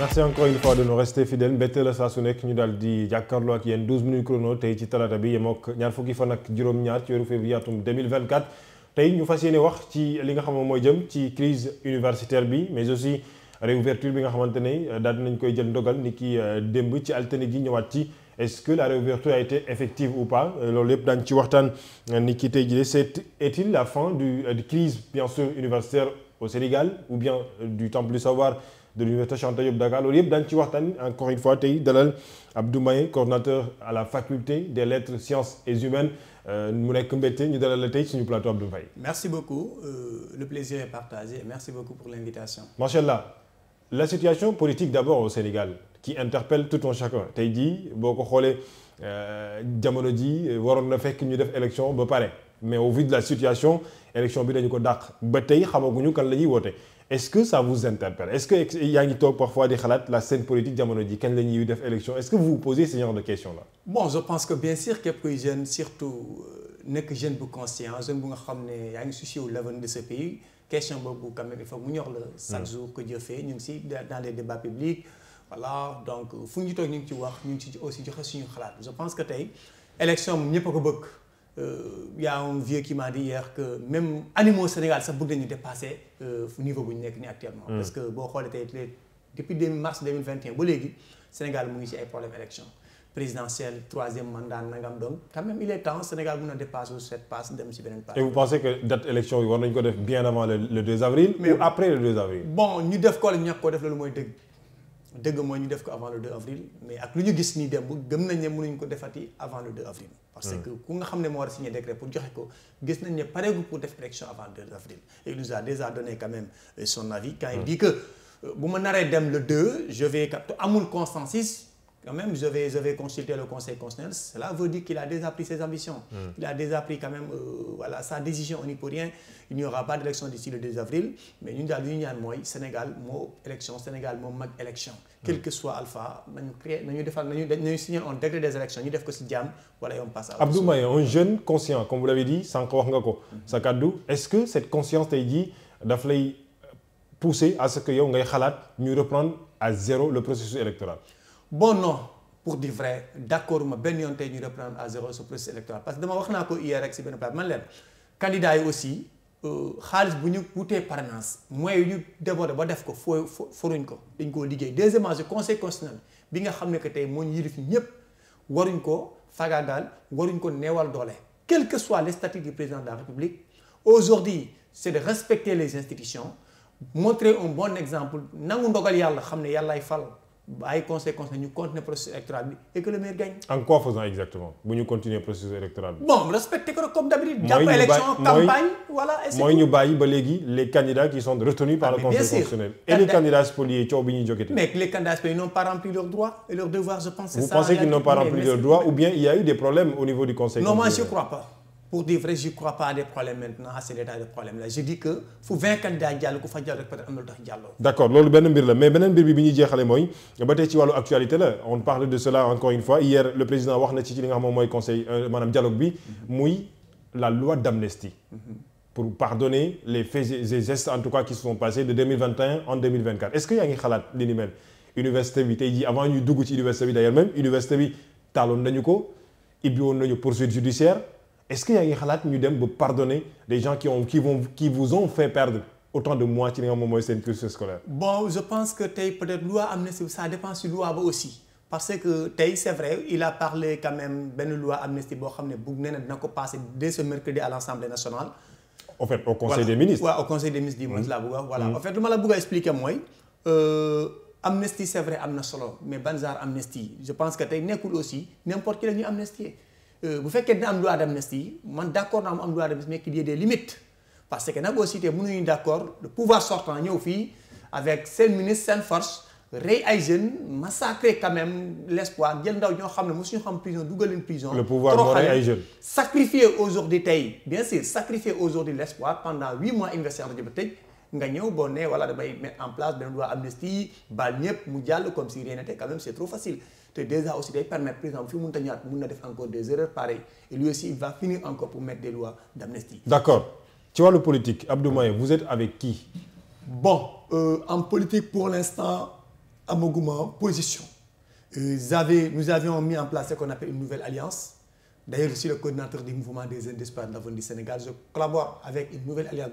merci encore une fois de nous rester fidèles mbette la saa su nekk ñu daal di jàkkaarloo ak yéen 12 minutes chrono tey ci talaata bi yem ak ñaar fukki fan ak juróom-ñaar ci weeru février atum tey ñu fas yéene wax ci li nga xam ne mooy jëm ci crise bi mais aussi réouverture bi nga xamante ne euh, daal dinañ koy jël ndogal ni ki euh, démb ci altine gi ñëwaat ci est-ce que la réouverture a été effective ou pas euh, loolu yëpp daañu ci waxtaan ni ki tey jii c'est est-il la fin du crise bien sûr universitaire au Sénégal ou bien du temps plus savoir de l'université Cheikh Anta Diop Dakar loolu yëpp daañu ci waxtaan encore une fois tey dalal Abdou Maye coordonnateur à la faculté des lettres sciences et humaines euh, mu nekk mbette ñu dalal la tey suñu plateau Abdou Maye. merci beaucoup euh, le plaisir est partagé et merci beaucoup pour allah la situation politique d'abord au Sénégal qui interpelle tout un chacun tey jii boo ko xoolee euh, jamono jii waroon na fekk ñu def élection ba pare mais au vu la situation élection bi dañu ko dàq ba tey xamaguñu kan la ñuy woote. est-ce que ça vous interpelle est-ce que yaa ngi toog parfois di xalaat la scène politique jamono ji kañ la ñuy def élection est-ce que vous vous posez ce genre de question là. bon je pense que bien sûr képp kuy jeune surtout euh, nekk jeune bu conscient jeune bu nga xam ne yaa ngi soucié wu l'avenir de ce pays question boobu quand même il faut mu ñor la. chaque mm. jour que Dieu ñu ngi si dans les débats publics voilà donc fu ñu toog ñu ngi ci wax ñu ngi ci aussi joxe suñu xalaat je pense que tey élection ñëpp ko bëgg. Euh, y a un vieux qui m'a dit hier que même animaux Sénégal sax bëgg nañu dépasser euh, niveau bu ñu nekk nii actuellement. Hmm. parce que boo xoolee tey depuis deux mars deux mille vingt mu ngi ci ay problème élection présidentielle troisième mandat nangam donc quand même il est temps Sénégal mun a dépasser cette passe dem ci beneen passe. et vous pensez que date élection yi war nañu ko def bien avant avril. mais ou avril. bon ñu def ko la ñu ñàkk koo def loolu mooy dëgg mooy ñu def ko avant le avril mais ak lu ñu gis nii démb gëm nañ ne mënuñ ko defati avant le avril. parce hmm. que ku nga xam ne moo war a signé décret pour joxe ko gis nañ ne pareegu pour def élection avant le 2 avril et il nous a déjà quand même euh, son avis. quand il hmm. dit que euh, bu ma naree dem le deux je vais amul consensus. quand même, je vais, je vais consulter le conseil constitutionnel, cela veut dire qu'il a déjà pris ses ambitions. Mmh. Il a déjà pris quand même euh, voilà, sa décision, on n'y peut rien. Il n'y aura pas d'élection d'ici le 2 avril, mais nous avons l'union moi, Sénégal, moi, élection, Sénégal, moi, mag élection. Hmm. Quel que soit Alpha, nous signons un décret des élections, nous devons diam, voilà, et on passe à Abdou un jeune conscient, comme vous l'avez dit, sans Ngako, hmm. Sakadou, est que cette conscience, t'a dit, d'afflay pousser à ce que vous bon non pour dire vrai d'accord ma benn yoon tey ñu reprendre à zéro ce processus électoral parce que dama wax naa ko hier rek si benn place man leen candidat euh, xaalis bu ñu wutee parrainage moyens yu ñu ba def ko foo foruñ ko dañ koo liggéey deuxièmement conséquence conseil bi nga xam ne que tey moo ñu yilif ñëpp waruñ ko fagaagaal waruñ ko neewal doole quel que soit le statut du président de la république aujourd'hui c'est de respecter les institutions montrer un bon exemple nangu ndogal yàlla xam ne yàllaay fal bàyyi conseil conseil ñu continuer processus électoral bi gagne. en quoi faisant exactement bu ñu continuer processus électoral bon respecté ko comme d'habitude. jàpp élection campagne voilà. mooy ñu bàyyi ba léegi les candidats qui sont retenus par ah, le conseil constitutionnel. et les candidats spoliés coow bi ñuy jokkite. mais les candidats spoliés n'ont pas rempli leurs droits et leurs devoirs je pense. c'est ça vous pensez qu'ils n'ont pas rempli leurs droits ou bien il y a eu des problèmes au non moi je crois pas. pour dire vrai je crois pas à des problèmes maintenant à ces de problème là je dis que fu 20 candidats jàll ku fa jàll rek peut am na lu tax jàlloo d' loolu benn mbir la mais beneen mbir bi ñuy jeexale mooy ba tey ci wàllu actualité la on parle de cela encore une fois hier le président wax na ci li nga xam mooy conseil euh, maanaam dialogue bi muy la loi d' pour pardonner les faits et gestes en tout cas qui se sont de en est ce est-ce que yaa ngi xalaat ñu dem ba pardonner les gens qui ont qui vous ont fait perdre autant de mois ci li nga moom mooy seen cursus scolaire. bon je pense que tey peut-être loi amnistie ça dépend si loi ba aussi parce que tey c'est vrai il a parlé quand même benn loi amnistie boo xam ne bugg nee na dina ko passer dès ce mercredi à l'Assemblée nationale. en fait au conseil des ministres. di mos laa bëgg a en fait lu ma la bëgg expliquer mooy. Euh, amnistie na solo mais ban genre amnistie je pense que tey nekkul aussi n'importe qui la ñuy amnistier. Euh, bu fekkee dina am loi d'amnistie man d'accord naa mu am loi d'amnistie mais qu'il y ait des limites parce que nag aussi te mënuñu d'accord le pouvoir sortant ñëw fii avec seen ministre seen force rey ay jeunes massacrer quand même l'espoir jël ndaw ñoo xam ne mosuñu xam prison dugal leen prison. le pouvoir moo rey ay jeunes sacrifier aujourd'hui tey bien sûr sacrifier aujourd'hui l'espoir pendant huit mois investir rajo ba tëj nga ñëw boo ne wala damay mettre en place benn loi amnistie mu jàll comme si rien n'était te déjà aussi day permettre président bu fi mënta ñëwaat def encore des erreurs pareilles et lui aussi il va finir encore pour mettre des lois d'amnistie. d'accord ci politique Abdou vous êtes avec qui. bon euh, en politique pour l'instant amaguma position. Euh, j'avais nous avions mis en place ce qu'on appelle une nouvelle alliance. D'ailleurs, je le coordinateur du mouvement des jeunes d'espoir de l'avenir du Sénégal. Je collabore avec une nouvelle alliance.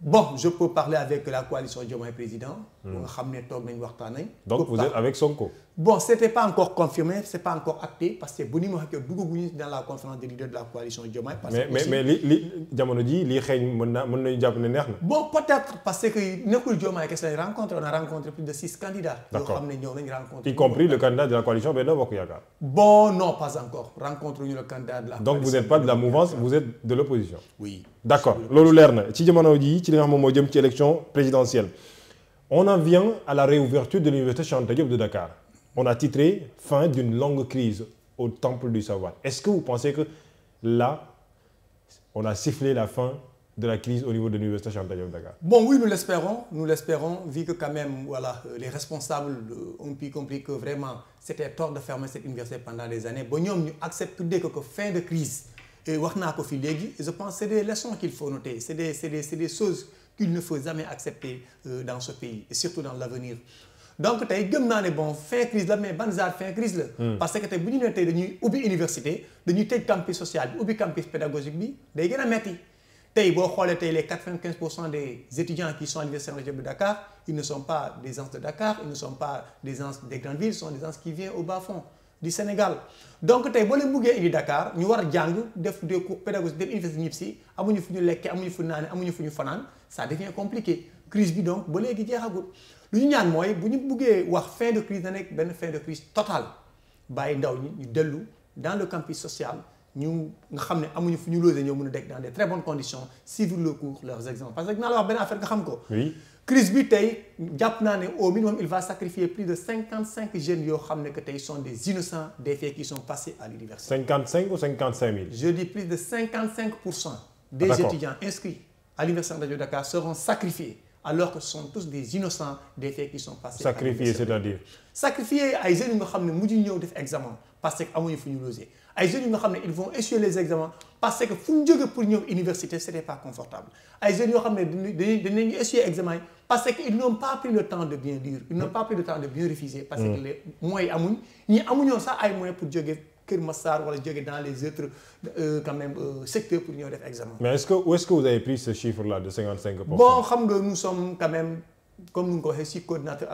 bon je peux parler avec la coalition Diomaye président. bu hmm. nga xam ne toog nañ waxtaan nañ. donc vous êtes avec Sonko. bon c' était pas encore confirmé c' est pas encore acté parce que bu ni ma waxee dans la conférence de la coalition Diomaye. parce que mais mais li li jamono neex na. bon que nekkul Diomaye kese lañ rencontré on a rencontré plus de six candidats. d' accord yoo y compris le candidat de la coalition Benno Bokk Yaakaar. bon non pas encore rencontre le candidat donc vous n' êtes d' accord loolu leer na ci jamono jii ci nga xam moom moo jëm ci élection présidentielle on en vient à la réouverture de l'université Cheikh Anta Diop de Dakar on a titré fin d'une longue crise au temple du savoir est-ce que vous pensez que là on a sifflé la fin de la crise au niveau de l'université Cheikh Anta Diop de Dakar bon oui nous l'espérons nous l'espérons vu que quand même voilà les responsables euh, ont pu comprendre que vraiment c'était tort de fermer cette université pendant Et je pense que c'est des leçons qu'il faut noter, c'est des, des, des, choses qu'il ne faut jamais accepter euh, dans ce pays, et surtout dans l'avenir. donc tey gëm naa ne bon fin crise la mais ban genre fin crise la. Hmm. parce que tey bu ñu nee tey dañuy ubbi université dañuy tëj campus social bi ubbi campus pédagogique bi day gën a metti tey boo xoolee tey les quatre vingt quinze pour cent des étudiants qui sont à l'université Cheikh Anta Diop de Dakar ils ne sont pas des gens di Sénégal donc tey boo leen buggee indi Dakar ñu war a jàng def des cours pédagogiques dem université ñib si amuñu fu ñu lekkee amuñu fu naane amuñu fu ñu fanaan ça devient compliqué crise bi donc ba léegi jeexagul lu ñu ñaan mooy bu ñu buggee wax fin de crise na nekk benn fin de crise totale bàyyi ndaw ñi ñu dellu dans le campus social ñu nga xam ne amuñu fu ñu logé ñoo mën a dekk dans des très bonnes conditions suivre le leurs exemples parce que naa la wax benn ko. oui crise bi tey jàpp naa ne au minimum il va sacrifier plus de cinquante cinq jeunes yoo xam ne que tey sont des innocents des faits qui sont passés à l'université ou cinquante cinq plus de pour cent des étudiants inscrits à l'université de Dakar seront sacrifiés alors que ce sont tous des innocents des faits qui sont passés sacrifiés c'est-à-dire sacrifiés ay jeunes yi nga xam ne mu ñëw def examen parce que amuñu fu ñu logé ay jeunes yu nga xam ne ils vont essuyer les examens parce que fu ñu jóge pour ñëw université c'était pas confortable ay jeunes yoo xam ne dañuy dañuy essuyer examen yi parce que ils n'ont pas pris le temps de bien dire ils n'ont pas pris le temps de bien réviser parce que mm. les moyens amuñ ñi amuñoon sax ay moyens pour jóge Kër Massar wala jóge dans les autres euh, quand même euh, pour ñëw def examen mais est-ce comme nu ko waxee si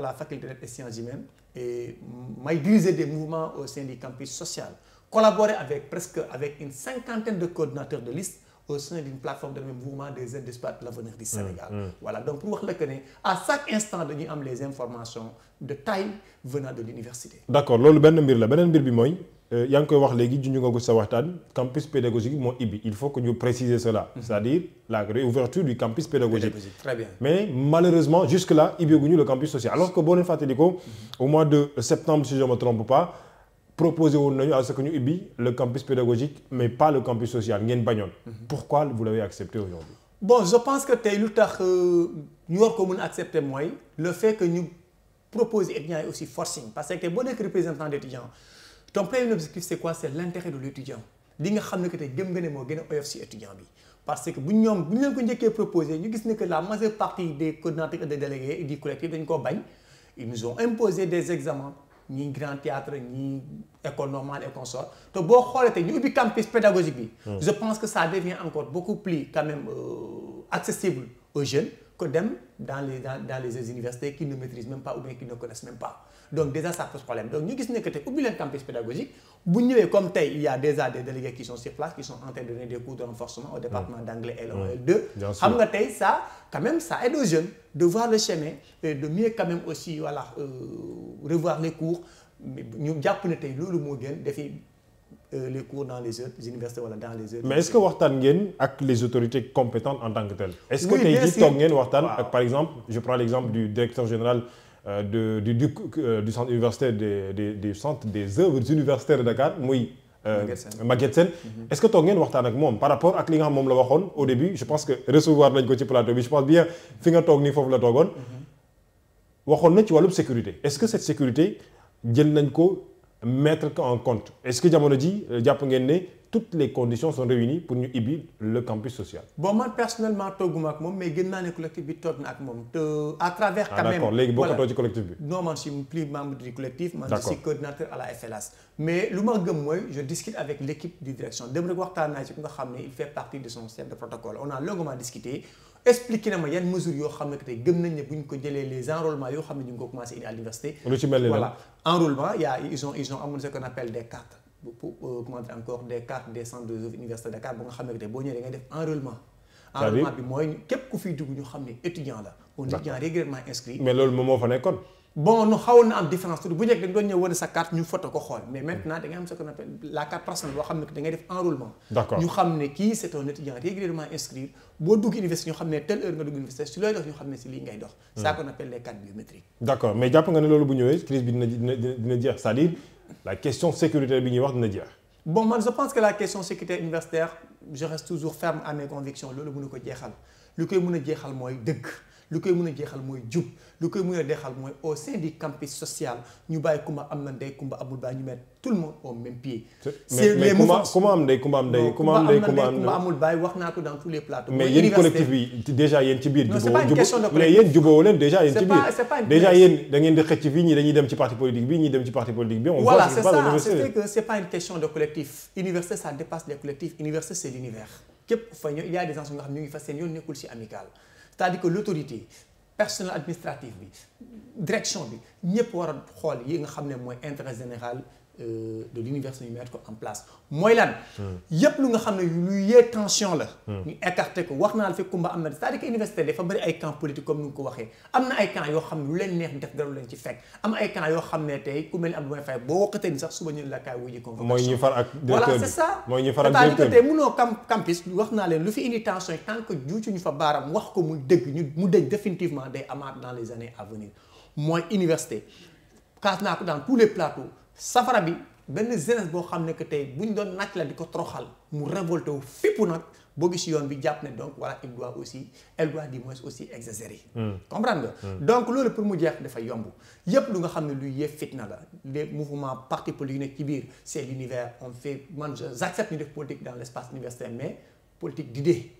la faculté des sciences humaines des mouvements au sein du campus social collaboré avec presque avec une cinquantaine de coordinateurs de liste au sein d'une plateforme de mouvement des jeunes d'espace de l'avenir du Sénégal. Mmh, donc pour wax la que ne à chaque instant dañuy am les informations de taille venant de l'université. D'accord loolu benn mbir la beneen mbir bi mooy euh, yaa ngi koy wax léegi junj nga ko sa waxtaan campus pédagogique moo ibbi il faut que ñu préciser cela. Mmh. c'est-à-dire la réouverture du campus pédagogique. pédagogique très bien mais proposé woon nañu à ce que ñu ubbi le campus pédagogique mais pas le campus social ngeen bañoon. Mhm. pourquoi vous l'avez accepté aujourd'hui bon je pense que tey lu tax euh, ñu war ko mën accepter mooy le fait que ñu proposer étudiants yi aussi forcing parce que tey boo nekk représentant d'étudiants ton premier objectif c'est quoi c'est l'intérêt de l'étudiant li nga xam ne que tey nga ne moo gën a oyof si étudiant bi parce que bu ñoom bu ñu ko njëkkee proposé gis ne que la majeure partie des coordinateurs et des délégués et du des examens ñii grand théâtre ñii école normale et consort te boo xoolee te ñu ubbi campus pédagogique bi. Hmm. je pense que ça devient encore beaucoup plus quand même euh, accessible aux jeunes. que dem dans les dans, dans les universités qui ne maîtrisent même pas ou bien qui ne connaissent même pas donc déjà ça pose problème donc ñu gis ne que ubbi leen campus pédagogique bu ñëwee comme tey il y a déjà des délégués qui sont sur place qui sont en de donner des cours de renforcement au département d'anglais L1 xam nga tey ça quand même ça aide de voir le chemin de mieux quand même aussi voilà euh, revoir les cours ñu jàpp ne tey loolu moo gën dafay Euh, les cours dans les heures universités wala dans les heures. mais est-ce que waxtaan ngeen ak les autorités compétentes en tant que telles. est-ce que tey jii toog ngeen waxtaan ak par exemple je prends l'exemple du directeur général. Euh, du du euh, du centre universitaire des des des centres des œuvres universitaires de Dakar muy. Maguette Sène mhm. est-ce que toog ngeen waxtaan ak moom par rapport ak li nga xam moom la waxoon au début je pense que recevoir nañ ko ci plateau bi je pense bien fi nga toog nii foofu la toogoon. Mhm. waxoon na ci wàllum sécurité est-ce que cette sécurité jël nañ ko. mettre ko en compte est-ce que jamono ji euh, jàpp ngeen ne toutes les conditions sont réunies pour ñu ibbi le campus social. bon man personnellement tooguma ak moom mais gën naa ne collectif bi toog na ak moom te à travers. Ah, quand même ah d'accord ci collectif bi. non man je plus membre du collectif. man je coordinateur à la FLS. mais lu ma gëm mooy je discute avec l'équipe de direction dem rek waxtaan naa ci ku nga xam ne il fait partie de son chef de on a expliqué na ma yan mesures yoo xam ne que tey gëm nañ ne bu ñu ko jëlee les enrôlements yoo xam ne ñu ko commencé indi à l'université lu ci mel a ils ont ils ont amoon ce qu'on appelle des cartes pour euh, comment encore des cartes des centres de université Dakar bu nga xam ne que tey boo ñëwee da ngay def enrôlement enrôlement bi mooy képp ku fiy dugg ñu xam ne étudiant la on étudiant régulièrement inscrit mais loolu moo fa nekkoon bon nu xawoon na am différence tuuti bu njëkk dañ doon ñëw wane sa carte ñu photo ko xool mais maintenant da am ce qu'on la carte personnelle boo ne da ngay def enrôlement ñu xam ne kii c'est un étudiant régulièrement inscrit boo dugg ñu xam hmm. ne telle jeex que la question sécurité universitaire je reste toujours ferme à mes convictions loolu mënu ko jeexal lu koy mën a jeexal mooy dëgg lu koy mun a jeexal mooy jub lu koy mën a deexal mooy au sein du campus social ñu bàyyi kumba am na ndey kumba amul baay ñu mettre tout le monde au même kumba am ndey ndey. kumba amul baay wax naa ko dans tous les plateaux. mais yéen collectif bi déjà yéen ci biir. non c'est pas une question de mais yéen jubóo leen déjà yéen ci c'est université c'est l'univers képp fa ñëw il y des gens nga xam ñu ngi fa seen yoon nekkul ci amical cest ko dire que l'autorité personnel administratif bi direction bi ñëpp war a xool yi nga xam ne mooy intérêt général Euh, de l'université ñu mettre ko en place mooy lan. Hmm. yépp lu nga xam ne lu yee tension la. Hmm. ñu écarté ko wax naa la fekk kumba am na c'est-à-dire que université dafa ay camp politique comme ni nga ko waxee am na ay camp yoo xam ne lu leen neex def dara lu leen ci fekk am ay camp yoo xam ne tey ku mel ni Abdoulaye Faye boo waxatee ni sax suba ñu la kaay wuji convocation mooy ñu far ak voilà c'est ça mooy ñu wax naa leen lu fi indi tension yi tant que juucu ñu fa baaram wax ko mu dëgg ñu mu dëgg définitivement day amaat dans les années à venir mooy université kaas naa ko dans tous les plateaux safara bi benn jeunesse boo xam ne que tey bu ñu doon naaj la di ko troxal mu révolté wu fépp nag boo gis yoon bi jàpp ne donc voilà il aussi elle doit du moins aussi exagérer. Hmm. comprendre nga. Hmm. donc loolu pour mu jeex dafa yomb yépp lu nga xam ne luy yee fitna la les mouvements partis politiques ne ci biir c'est l'univers on fait man j'accepte ñu def politique dans l'espace universitaire mais politique d'idée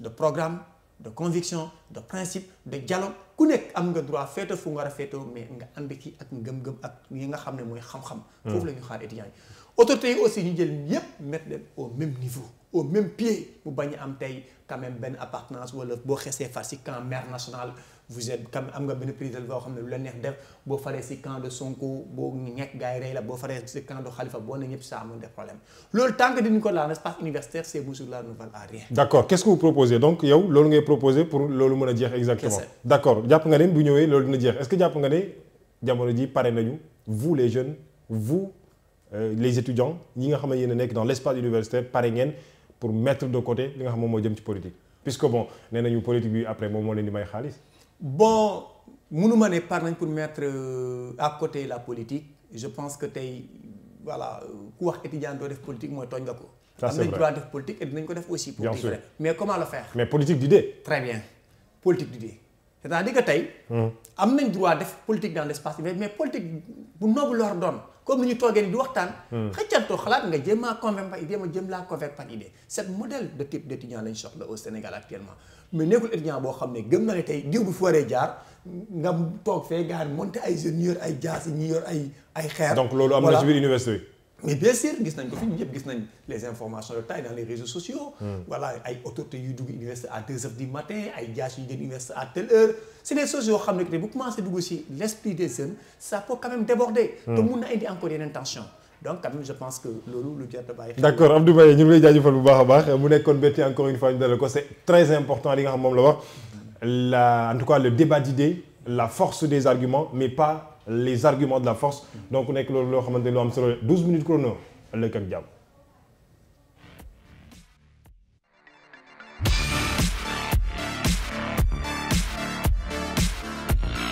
de programme. de conviction de principe de dialogue ku nekk am nga droit féete fu nga war a féetewoo mais nga ànd ci ak ngëm-ngëm ak yi nga xam ne mooy xam-xam. Hmm. foofu la ñu xaar étudiants yi. autorités yi aussi ñu jël ñëpp mettre leen au même niveau au même pied mu bañ am tey quand benn appartenance wala boo xesee far si camp maire national vous êtes quand même am nga xam ne lu la neex def boo faree si de boo faree si camp de boo ne ñëpp ça amoon des problèmes loolu tant que dinañ ko laal espace universitaire ces mesures-là ne valent à rien. d' a jeex exactement. d' accord jàpp nga ne bu ñëwee loolu dina jeex est jàpp nga ne jamono ji pare nañu vous les jeunes vous. Euh, les étudiants ñi nga xam ne nekk dans l' espace universitaire pare ngeen pour mettre de côté li nga xam moom moo jëm ci politique puisque bon nee nañu politique bi après moom moo leen di may xaalis. bon mënuma ne par nañ pour mettre euh, à côté la politique je pense que tey voilà ku wax étudiant doo def politique mooy tooñ nga ko. ça c'est vrai am nañ droit def politique et dinañ ko def aussi. bien sûr mais comment le faire. mais politique d'idée. très bien tey. am nañ droit def politique dans l' espace mais politique bu noobu lor doon. comme ni ñu toogee ni di waxtaan. Hmm. xëccantoo xalaat nga jéem a convaincre par idée ma jëm laa convaincre par idée. cet modèle de type d' étudiant lañ soxla au Sénégal actuellement mais nekkul étudiant boo xam ne gëm na ne tey diw bu fi waree jaar nga toog fee gaar monte ay jeunes ñu yor ay jaas ñi yor ay ay xeer. donc loolu am na ci biir université mais bien sûr gis nañ ko fi ñëpp gis nañ les informations de taille dans les réseaux sociaux. Hmm. voilà ay autorités yuy dugg université à deux heures du matin ay jaas yu génn université à telle heure. ne que bu commencé dugg si l' esprit des jeunes ça peut quand déborder. Hmm. te mun na indi encore yeneen tension donc quand je pense que loolu lu jar a bàyyi xel. d' accord Abdou Mbaye ñu ngi lay jaajëfal bu baax a baax une fois ñu dalal ko les arguments de la force donc nekk loolu loo xamante lu am solo 12 minutes chrono ëllëg ak jàmm